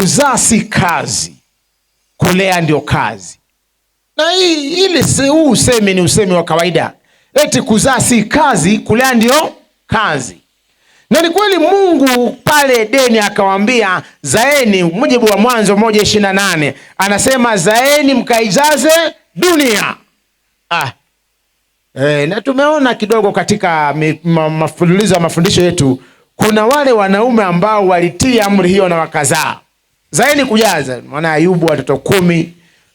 Kuzaa si kazi, kulea ndio kazi. Na hii ili huu usemi ni usemi wa kawaida, eti kuzaa si kazi, kulea ndio kazi. Na ni kweli Mungu pale Edeni akawambia zaeni, mujibu wa Mwanzo moja ishirini na nane anasema zaeni mkaijaze dunia. Ah. E, na tumeona kidogo katika mafululizo ya mafundisho yetu kuna wale wanaume ambao walitii amri hiyo na wakazaa zaini kujaza, mwana Ayubu watoto kumi,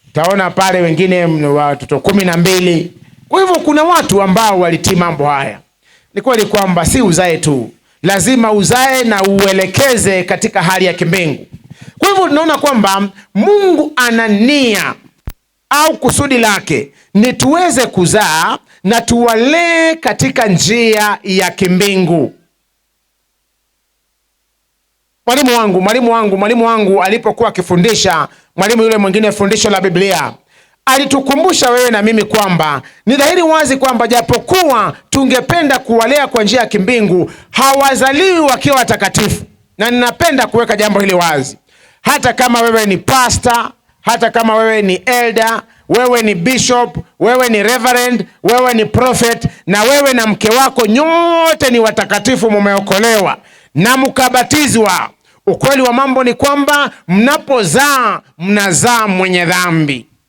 utaona pale wengine watoto kumi na mbili. Kwa hivyo kuna watu ambao walitii mambo haya. Ni kweli kwamba si uzae tu, lazima uzae na uelekeze katika hali ya kimbingu. Kwa hivyo tunaona kwamba Mungu ana nia au kusudi lake ni tuweze kuzaa na tuwalee katika njia ya kimbingu. Mwalimu wangu, mwalimu wangu, mwalimu wangu alipokuwa akifundisha, mwalimu yule mwingine fundisho la Biblia alitukumbusha wewe na mimi kwamba ni dhahiri wazi kwamba japokuwa tungependa kuwalea kwa njia ya kimbingu, hawazaliwi wakiwa watakatifu. Na ninapenda kuweka jambo hili wazi, hata kama wewe ni pasta, hata kama wewe ni elder, wewe ni bishop, wewe ni reverend, wewe ni prophet, na wewe na mke wako, nyote ni watakatifu, mumeokolewa na mkabatizwa. Ukweli wa mambo ni kwamba mnapozaa mnazaa mwenye dhambi.